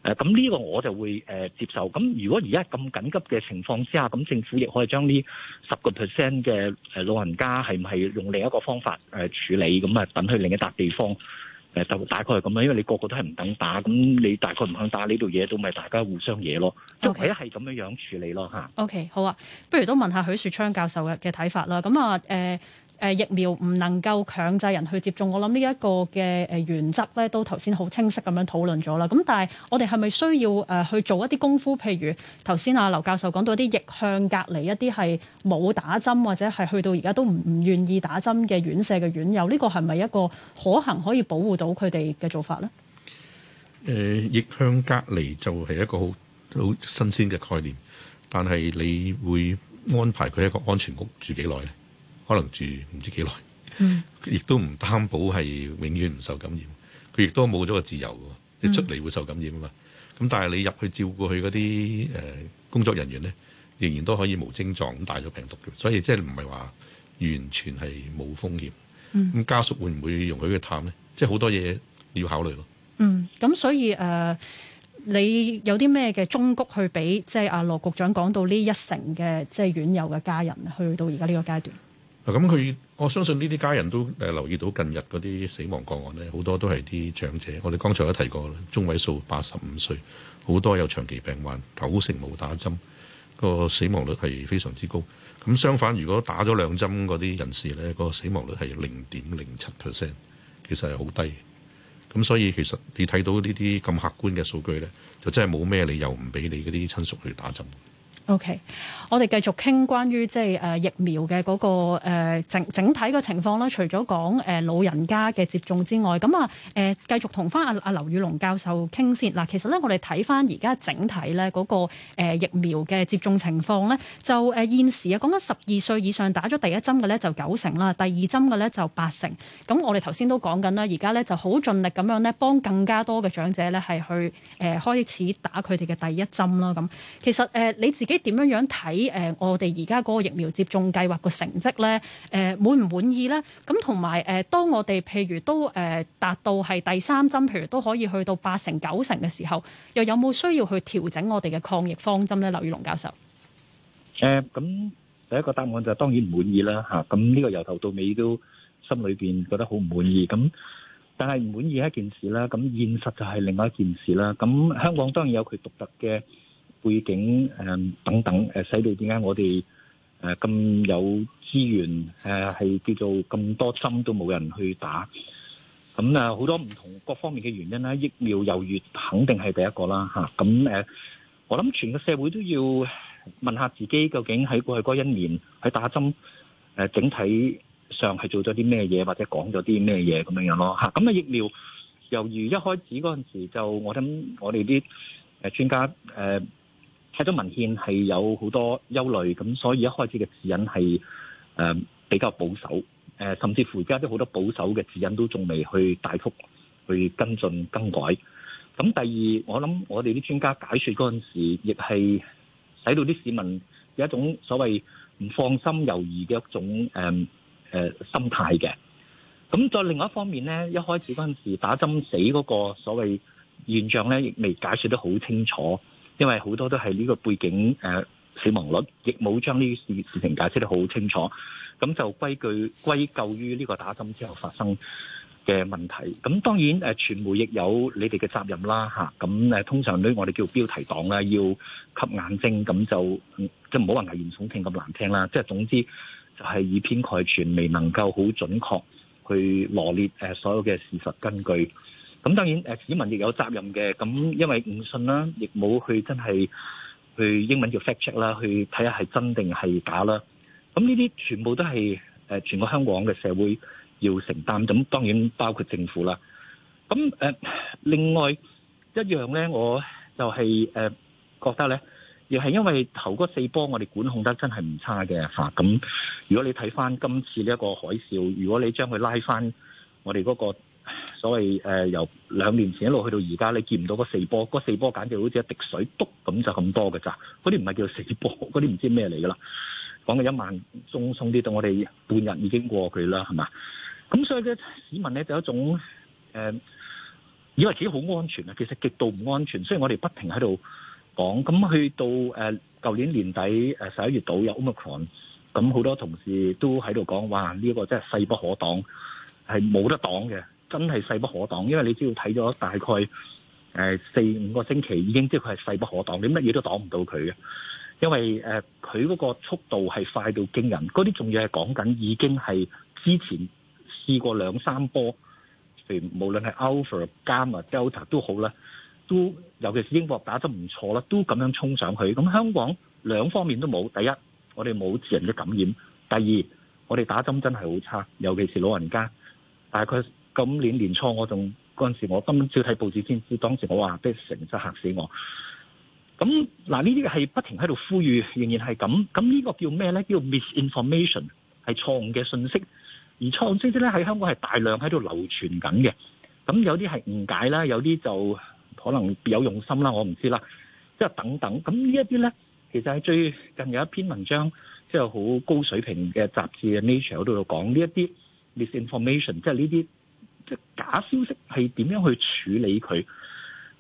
誒咁呢個我就會誒接受。咁如果而家咁緊急嘅情況之下，咁政府亦可以將呢十個 percent 嘅誒老人家係唔係用另一個方法誒處理？咁啊等佢另一笪地方誒就大概係咁樣。因為你個個都係唔等打，咁你大概唔肯打呢度嘢，都咪大家互相嘢咯？都唯係咁樣樣處理咯嚇。OK 好啊，不如都問下許樹昌教授嘅嘅睇法啦。咁啊、呃疫苗唔能夠強制人去接種，我諗呢一個嘅誒原則咧，都頭先好清晰咁樣討論咗啦。咁但係我哋係咪需要誒去做一啲功夫？譬如頭先阿劉教授講到一啲逆向隔離，一啲係冇打針或者係去到而家都唔唔願意打針嘅院舍嘅院友，呢個係咪一個可行可以保護到佢哋嘅做法呢？誒、呃、逆向隔離就係一個好好新鮮嘅概念，但係你會安排佢喺一個安全屋住幾耐咧？可能住唔知幾耐，亦都唔擔保係永遠唔受感染，佢亦都冇咗個自由嘅，你出嚟會受感染啊嘛。咁、嗯、但係你入去照顧佢嗰啲誒工作人員咧，仍然都可以無症狀咁帶咗病毒嘅，所以即係唔係話完全係冇風險。咁、嗯、家屬會唔會容許佢探咧？即係好多嘢要考慮咯。嗯，咁所以誒、呃，你有啲咩嘅忠告去俾即係阿羅局長講到呢一成嘅即係院友嘅家人去到而家呢個階段？咁佢我相信呢啲家人都誒留意到近日嗰啲死亡個案咧，好多都係啲長者。我哋剛才都提過啦，中位數八十五歲，好多有長期病患，九成冇打針，個死亡率係非常之高。咁相反，如果打咗兩針嗰啲人士咧，個死亡率係零點零七 percent，其實係好低。咁所以其實你睇到呢啲咁客觀嘅數據咧，就真係冇咩理由唔俾你嗰啲親屬去打針。O.K. 我哋繼續傾關於即係誒疫苗嘅嗰個整整體嘅情況啦。除咗講誒老人家嘅接種之外，咁啊誒繼續同翻阿阿劉宇隆教授傾先嗱。其實咧，我哋睇翻而家整體咧嗰個疫苗嘅接種情況咧，就誒現時啊，講緊十二歲以上打咗第一針嘅咧就九成啦，第二針嘅咧就八成。咁我哋頭先都講緊啦，而家咧就好盡力咁樣咧，幫更加多嘅長者咧係去誒開始打佢哋嘅第一針啦。咁其實誒你自己。你點樣樣睇誒，我哋而家嗰個疫苗接種計劃個成績咧，誒滿唔滿意咧？咁同埋誒，當我哋譬如都誒達、呃、到係第三針，譬如都可以去到八成九成嘅時候，又有冇需要去調整我哋嘅抗疫方針咧？劉宇隆教授，誒、呃，咁第一個答案就是、當然唔滿意啦，吓，咁呢個由頭到尾都心裏邊覺得好唔滿意。咁但係唔滿意一件事啦，咁現實就係另外一件事啦。咁香港當然有佢獨特嘅。背景誒，等等誒，使到點解我哋誒咁有資源誒，係叫做咁多針都冇人去打？咁啊，好多唔同各方面嘅原因啦，疫苗猶豫肯定係第一個啦嚇。咁誒，我諗全個社會都要問下自己，究竟喺過去嗰一年喺打針誒整體上係做咗啲咩嘢，或者講咗啲咩嘢咁樣樣咯嚇。咁啊，疫苗由於一開始嗰陣時就我諗我哋啲誒專家誒。睇咗文獻係有好多憂慮，咁所以一開始嘅指引係誒比較保守，誒甚至乎而家都好多保守嘅指引都仲未去大幅去跟進更改。咁第二，我諗我哋啲專家解説嗰陣時，亦係使到啲市民有一種所謂唔放心、猶豫嘅一種誒誒、嗯嗯、心態嘅。咁再另外一方面咧，一開始嗰陣時打針死嗰個所謂現象咧，亦未解説得好清楚。因為好多都係呢個背景，誒、呃、死亡率亦冇將呢啲事事情解釋得好清楚，咁就歸據歸咎於呢個打針之後發生嘅問題。咁當然誒傳、呃、媒亦有你哋嘅責任啦，嚇、啊。咁、啊、誒通常咧我哋叫標題黨啦，要吸眼睛，咁就即係唔好話危言聳聽咁難聽啦。即係總之就係以偏概全夠很，未能夠好準確去羅列誒所有嘅事實根據。咁當然，市民亦有責任嘅。咁因為唔信啦，亦冇去真係去英文叫 fact check 啦，去睇下係真定係假啦。咁呢啲全部都係全個香港嘅社會要承擔。咁當然包括政府啦。咁、呃、另外一樣咧，我就係、呃、覺得咧，亦係因為頭嗰四波我哋管控得真係唔差嘅嚇。咁、啊、如果你睇翻今次呢一個海嘯，如果你將佢拉翻我哋嗰個。所謂誒、呃，由兩年前一路去到而家，你見唔到個四波，個四波簡直好似一滴水篤咁，就咁多嘅咋？嗰啲唔係叫四波，嗰啲唔知咩嚟噶啦。講緊一萬中送啲到我哋半日已經過佢啦，係嘛？咁所以呢，市民咧就有一種誒、呃，以為自己好安全啊，其實極度唔安全。雖然我哋不停喺度講，咁去到誒舊、呃、年年底誒十一月到有 omicron，咁好多同事都喺度講，哇呢、這個真係勢不可擋，係冇得擋嘅。真係勢不可擋，因為你知道睇咗大概誒四五個星期，已經知佢係勢不可擋，你乜嘢都擋唔到佢嘅，因為誒佢嗰個速度係快到驚人。嗰啲仲要係講緊已經係之前試過兩三波，無論係 Alpha、Gamma 啊、Delta 都好啦，都尤其是英國打針唔錯啦，都咁樣衝上去。咁香港兩方面都冇，第一我哋冇自然嘅感染，第二我哋打針真係好差，尤其是老人家，大概。今年年初我仲嗰陣時，我今朝睇報紙先知。當時我話，啲成績嚇死我。咁嗱，呢啲係不停喺度呼籲，仍然係咁。咁呢個叫咩咧？叫 misinformation，係錯誤嘅信息。而錯誤信息咧喺香港係大量喺度流傳緊嘅。咁有啲係誤解啦，有啲就可能別有用心啦，我唔知啦。即係等等。咁呢一啲咧，其實係最近有一篇文章，即係好高水平嘅雜誌嘅《Nature》嗰度講呢一啲 misinformation，即係呢啲。即假消息係點樣去處理佢？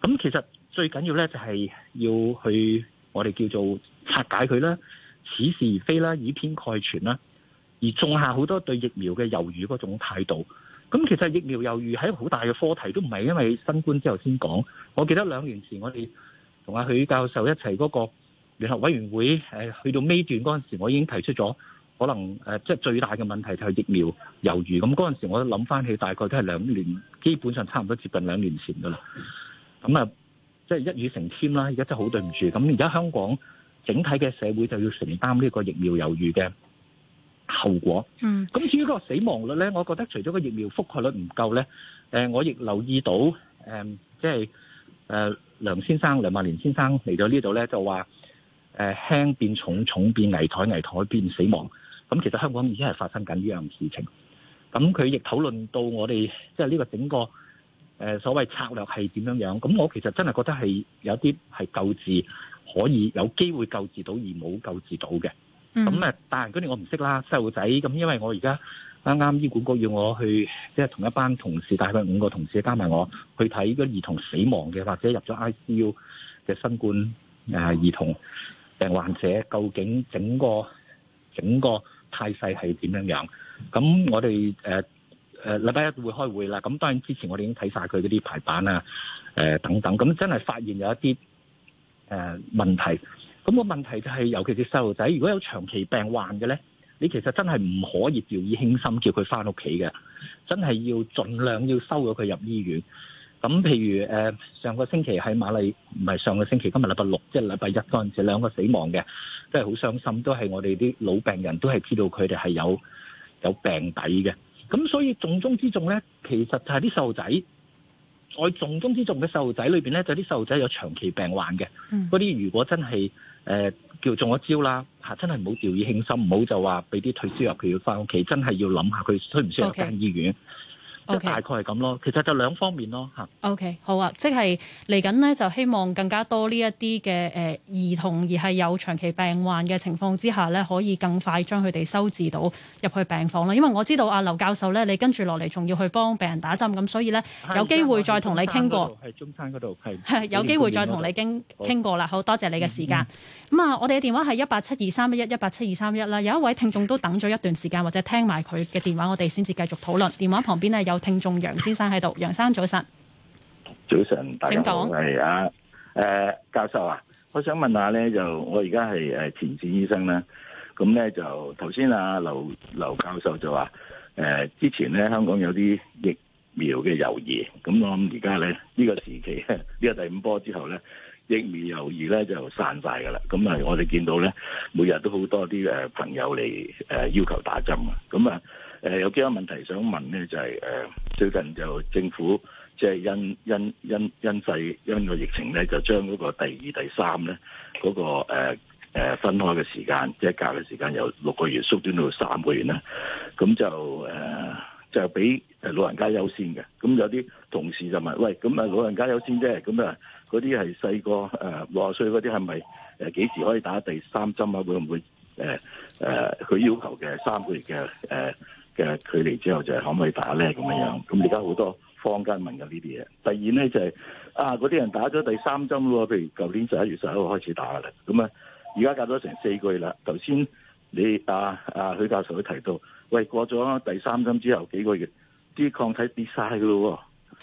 咁其實最緊要咧，就係要去我哋叫做拆解佢啦，似是而非啦，以偏概全啦，而種下好多對疫苗嘅猶豫嗰種態度。咁其實疫苗猶豫係一個好大嘅課題，都唔係因為新冠之後先講。我記得兩年前我哋同阿許教授一齊嗰個聯合委員會，誒，去到尾段嗰陣時，我已經提出咗。可能誒，即係最大嘅問題就係疫苗猶豫。咁嗰陣時，我都諗翻起大概都係兩年，基本上差唔多接近兩年前噶啦。咁啊，即係一語成讖啦。而家真係好對唔住。咁而家香港整體嘅社會就要承擔呢個疫苗猶豫嘅後果。嗯。咁至於嗰個死亡率咧，我覺得除咗個疫苗覆蓋率唔夠咧，誒、呃，我亦留意到誒，即係誒梁先生、梁萬年先生嚟到這裡呢度咧，就話誒、呃、輕變重、重變危殆、危殆變死亡。咁其實香港已經係發生緊呢樣事情，咁佢亦討論到我哋即係呢個整個誒、呃、所謂策略係點樣樣。咁我其實真係覺得係有啲係救治可以有機會救治到而冇救治到嘅。咁誒大人嗰啲我唔識啦，細路仔咁，因為我而家啱啱醫管局要我去即係、就是、同一班同事大概五個同事加埋我去睇嗰啲兒童死亡嘅或者入咗 I C U 嘅新冠誒兒童病患者，究竟整個整個態勢係點樣樣？咁我哋誒誒禮拜一會開會啦。咁當然之前我哋已經睇晒佢嗰啲排版啊、誒、呃、等等。咁真係發現有一啲誒、呃、問題。咁個問題就係、是，尤其是細路仔，如果有長期病患嘅咧，你其實真係唔可以掉以輕心，叫佢翻屋企嘅。真係要儘量要收咗佢入醫院。咁譬如誒、呃、上個星期喺瑪麗，唔係上個星期，今日禮拜六，即係禮拜一嗰陣時兩個死亡嘅，都係好傷心，都係我哋啲老病人，都係知道佢哋係有有病底嘅。咁所以重中之重咧，其實就係啲細路仔，在重中之重嘅細路仔裏面咧，就係啲細路仔有長期病患嘅。嗰啲如果真係誒、呃、叫中咗招啦嚇，真係唔好掉以輕心，唔好就話俾啲退燒藥佢要翻屋企，真係要諗下佢需唔需要入間、okay. 醫院。Okay. 大概係咁咯，其實就兩方面咯嚇。O、okay, K，好啊，即係嚟緊呢，就希望更加多呢一啲嘅誒兒童而係有長期病患嘅情況之下呢，可以更快將佢哋收治到入去病房啦。因為我知道阿劉教授呢，你跟住落嚟仲要去幫病人打針，咁所以呢，有機會再同你傾過。中餐度係。有機會再同你傾傾過啦，好，好多謝你嘅時間。咁、嗯嗯、啊，我哋嘅電話係一八七二三一一八七二三一啦。有一位聽眾都等咗一段時間，或者聽埋佢嘅電話，我哋先至繼續討論。電話旁邊呢，有。聽眾楊先生喺度，楊生早晨，早晨，大家好，請講啊。誒、呃，教授啊，我想問下咧，就我而家係誒前線醫生啦，咁咧就頭先啊劉劉教授就話誒、呃，之前咧香港有啲疫苗嘅猶豫，咁我諗而家咧呢、這個時期咧呢、這個第五波之後咧，疫苗猶豫咧就散晒噶啦咁啊我哋見到咧每日都好多啲誒朋友嚟，誒、呃、要求打針啊，咁啊。誒有幾個問題想問咧，就係誒最近就政府即係因因因因勢因個疫情咧，就將嗰個第二、第三咧嗰個誒誒分開嘅時間，即係隔嘅時間，由六個月縮短到三個月咧。咁就誒就俾老人家優先嘅。咁有啲同事就問：喂，咁啊老人家優先啫，咁啊嗰啲係細個誒六十歲嗰啲係咪誒幾時可以打第三針啊？會唔會誒誒佢要求嘅三個月嘅誒？嘅距離之後就係可唔可以打咧咁樣？咁而家好多坊間問緊呢啲嘢。第二咧就係、是、啊，嗰啲人打咗第三針喎，譬如舊年十一月十一號開始打噶啦。咁啊，而家隔咗成四個月啦。頭先你啊啊許教授都提到，喂，過咗第三針之後幾個月，啲抗體跌曬噶咯。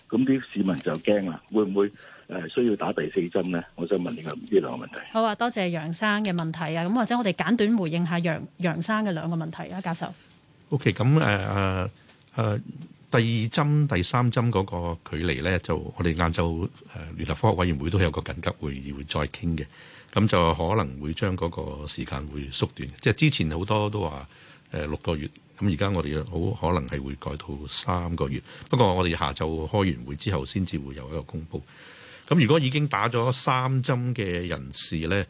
咁啲市民就驚啦，會唔會、呃、需要打第四針咧？我想問你呢兩個問題。好啊，多謝楊生嘅問題啊。咁或者我哋簡短回應下楊楊生嘅兩個問題啊，教授。OK，咁誒誒誒，第二針、第三針嗰個距離咧，就我哋晏晝誒聯合科學委員會都有個緊急會議會再傾嘅。咁就可能會將嗰個時間會縮短，即係之前好多都話誒、呃、六個月，咁而家我哋好可能係會改到三個月。不過我哋下晝開完會之後先至會有一個公佈。咁如果已經打咗三針嘅人士咧，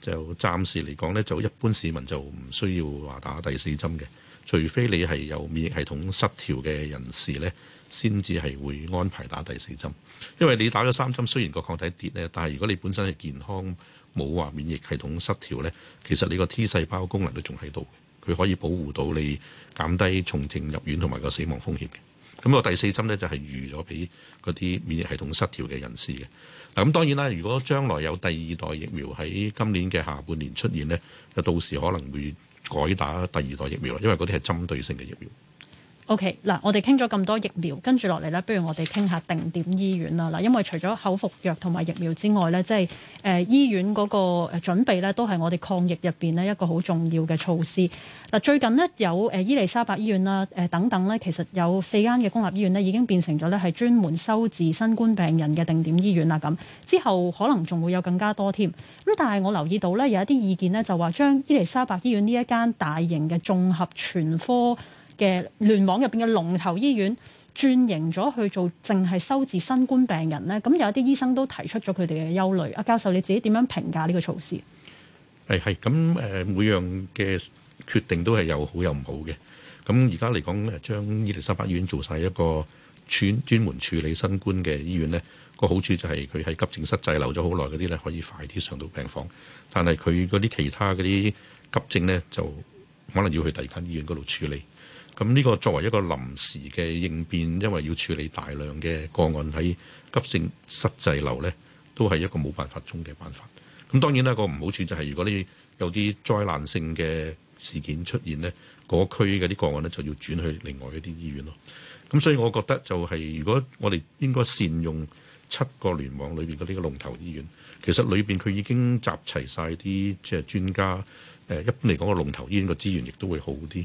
就暫時嚟講咧，就一般市民就唔需要話打第四針嘅。除非你係有免疫系統失調嘅人士呢，先至係會安排打第四針。因為你打咗三針，雖然個抗體跌呢，但係如果你本身係健康，冇話免疫系統失調呢，其實你個 T 細胞功能都仲喺度，佢可以保護到你減低重症入院同埋個死亡風險嘅。咁個第四針呢，就係預咗俾嗰啲免疫系統失調嘅人士嘅。嗱，咁當然啦，如果將來有第二代疫苗喺今年嘅下半年出現呢，就到時可能會。改打第二代疫苗啦，因為嗰啲係針對性嘅疫苗。O.K. 嗱，我哋傾咗咁多疫苗，跟住落嚟呢，不如我哋傾下定點醫院啦。嗱，因為除咗口服藥同埋疫苗之外呢，即係誒、呃、醫院嗰個準備呢，都係我哋抗疫入面呢一個好重要嘅措施。嗱，最近呢，有、呃、伊利沙伯醫院啦、呃，等等呢，其實有四間嘅公立醫院呢，已經變成咗呢係專門收治新冠病人嘅定點醫院啦。咁之後可能仲會有更加多添。咁但係我留意到呢，有一啲意見呢，就話將伊利沙伯醫院呢一間大型嘅綜合全科。嘅聯網入邊嘅龍頭醫院轉型咗去做，淨係收治新冠病人咧。咁有一啲醫生都提出咗佢哋嘅憂慮。阿教授，你自己點樣評價呢個措施？誒係咁誒，每樣嘅決定都係有好有唔好嘅。咁而家嚟講，誒將伊利沙伯醫院做晒一個專專門處理新冠嘅醫院咧，個好處就係佢喺急症室滯留咗好耐嗰啲咧，可以快啲上到病房。但係佢嗰啲其他嗰啲急症咧，就可能要去第二間醫院嗰度處理。咁呢個作為一個臨時嘅應變，因為要處理大量嘅個案喺急性失濟流呢，都係一個冇辦法中嘅辦法。咁當然啦，個唔好處就係，如果你有啲災難性嘅事件出現呢，嗰區嘅啲個案呢，就要轉去另外一啲醫院咯。咁所以我覺得就係，如果我哋應該善用七個聯網裏邊嘅呢個龍頭醫院，其實裏邊佢已經集齊晒啲即係專家。一般嚟講個龍頭醫院個資源亦都會好啲。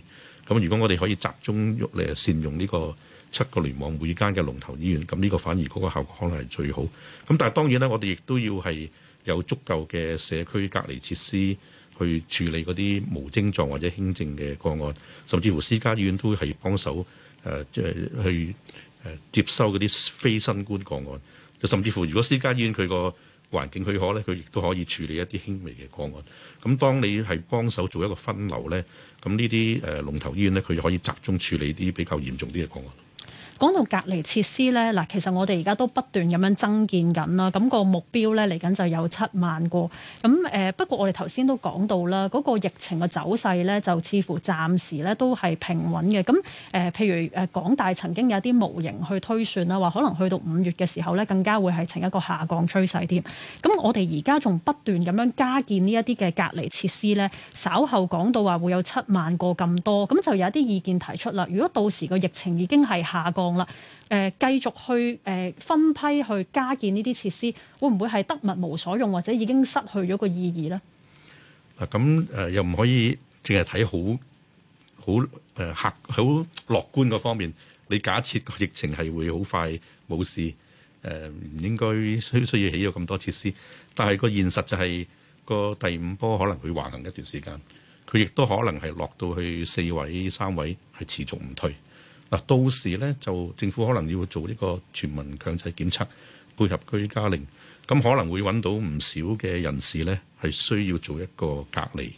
咁如果我哋可以集中嚟善用呢個七個聯網每間嘅龍頭醫院，咁呢個反而嗰個效果可能係最好。咁但係當然啦，我哋亦都要係有足夠嘅社區隔離設施去處理嗰啲無症狀或者輕症嘅個案，甚至乎私家醫院都係幫手誒，即、呃、係去誒接收嗰啲非新冠個案。就甚至乎如果私家醫院佢個環境許可咧，佢亦都可以處理一啲輕微嘅個案。咁當你係幫手做一個分流咧，咁呢啲誒龍頭醫院咧，佢就可以集中處理啲比較嚴重啲嘅個案。講到隔離設施呢，嗱，其實我哋而家都不斷咁樣增建緊啦。咁個目標呢，嚟緊就有七萬個。咁不過我哋頭先都講到啦，嗰個疫情嘅走勢呢，就似乎暫時呢都係平穩嘅。咁譬如誒港大曾經有啲模型去推算啦，話可能去到五月嘅時候呢，更加會係呈一個下降趨勢添。咁我哋而家仲不斷咁樣加建呢一啲嘅隔離設施呢，稍後講到話會有七萬個咁多，咁就有啲意見提出啦。如果到時個疫情已經係下降啦，誒繼續去誒分批去加建呢啲設施，會唔會係得物無所用，或者已經失去咗個意義咧？啊，咁、呃、誒又唔可以淨係睇好好誒客好樂觀個方面。你假設個疫情係會好快冇事，誒、呃、唔應該需要需要起咗咁多設施。但係個現實就係、是、個第五波可能會橫行一段時間，佢亦都可能係落到去四位、三位係持續唔退。嗱，到時咧就政府可能要做呢個全民強制檢測，配合居家令，咁可能會揾到唔少嘅人士咧，係需要做一個隔離。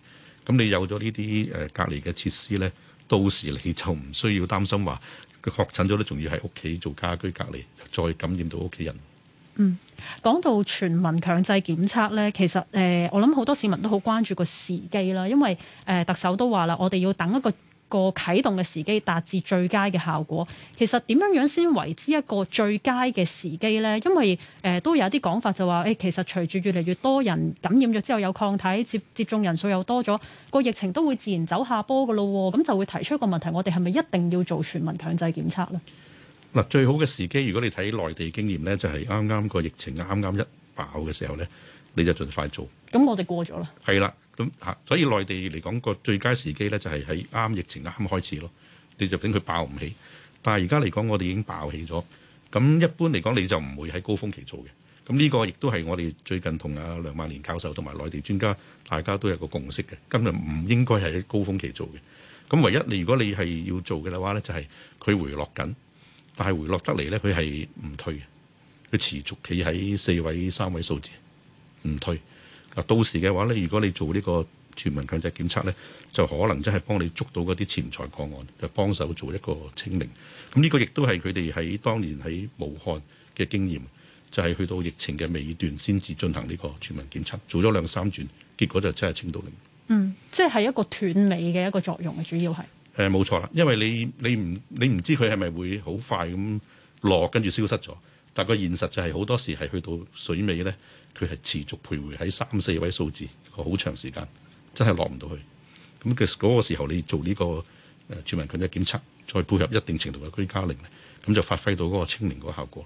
咁你有咗呢啲誒隔離嘅設施咧，到時你就唔需要擔心話佢確診咗咧，仲要喺屋企做家居隔離，再感染到屋企人。嗯，講到全民強制檢測咧，其實誒、呃，我諗好多市民都好關注個時機啦，因為誒、呃，特首都話啦，我哋要等一個。個啟動嘅時機達至最佳嘅效果，其實點樣樣先為之一個最佳嘅時機呢？因為誒、呃、都有啲講法就話誒、欸，其實隨住越嚟越多人感染咗之後有抗體，接接種人數又多咗，個疫情都會自然走下坡㗎咯喎，咁就會提出一個問題：我哋係咪一定要做全民強制檢測呢？嗱，最好嘅時機，如果你睇內地經驗呢，就係啱啱個疫情啱啱一爆嘅時候呢，你就盡快做。咁我哋過咗啦。係啦。咁嚇,所以內地嚟講個最佳時機咧，就係喺啱疫情啱開始咯。你就等佢爆唔起，但係而家嚟講，我哋已經爆起咗。咁一般嚟講,你就唔會喺高峰期做嘅。咁呢個亦都係我哋最近同阿梁萬年教授同埋內地專家大家都有個共識嘅。今日唔應該係喺高峰期做嘅。咁唯一你如果你係要做嘅話咧，就係佢回落緊，但係回落得嚟咧，佢係唔退嘅。佢持續企喺四位三位數字，唔退。到時嘅話咧，如果你做呢個全民強制檢測咧，就可能真係幫你捉到嗰啲潛在個案，就幫手做一個清零。咁呢個亦都係佢哋喺當年喺武漢嘅經驗，就係去到疫情嘅尾段先至進行呢個全民檢測，做咗兩三轉，結果就真係清到零。嗯，即係一個斷尾嘅一個作用，主要係誒冇錯啦，因為你你唔你唔知佢係咪會好快咁落跟住消失咗。但個現實就係好多時係去到水尾呢，佢係持續徘徊喺三四位數字好長時間，真係落唔到去。咁其實嗰個時候你做呢個誒全民檢測，再配合一定程度嘅居家令咧，咁就發揮到嗰個清零嗰個效果。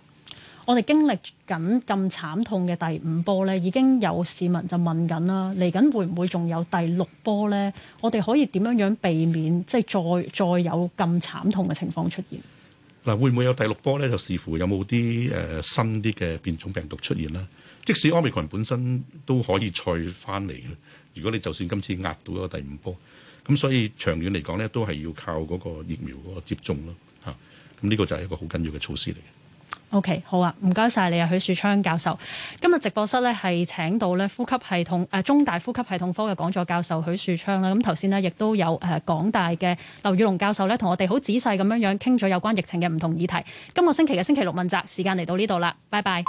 我哋經歷緊咁慘痛嘅第五波呢，已經有市民就問緊啦，嚟緊會唔會仲有第六波呢？我哋可以點樣樣避免，即係再再有咁慘痛嘅情況出現？嗱，會唔會有第六波咧？就視乎有冇啲、呃、新啲嘅變種病毒出現啦。即使奧密克戎本身都可以再翻嚟嘅。如果你就算今次壓到一個第五波，咁所以長遠嚟講咧，都係要靠嗰個疫苗嗰個接種咯。咁、啊、呢個就係一個好緊要嘅措施嚟。O.K. 好啊，唔該晒你啊，許樹昌教授。今日直播室咧係請到咧呼吸系統誒、呃，中大呼吸系統科嘅講座教授許樹昌啦。咁頭先呢亦都有誒、呃，港大嘅劉宇隆教授咧同我哋好仔細咁樣樣傾咗有關疫情嘅唔同議題。今個星期嘅星期六問責時間嚟到呢度啦，拜拜。